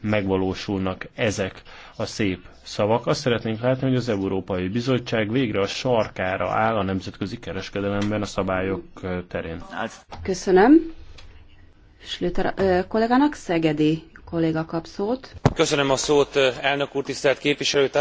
megvalósulnak ezek a szép szavak. Azt szeretnénk látni, hogy az Európai Bizottság végre a sarkára áll a nemzetközi kereskedelemben a szabályok terén. Köszönöm. Slüter kollégának Szegedi kolléga kap szót. Köszönöm a szót, elnök úr, tisztelt képviselőtársaim!